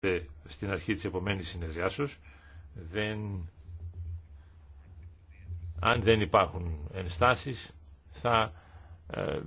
Ε, στην αρχή της επομένης συνεδριάσεως δεν... αν δεν υπάρχουν ενστάσεις θα ε,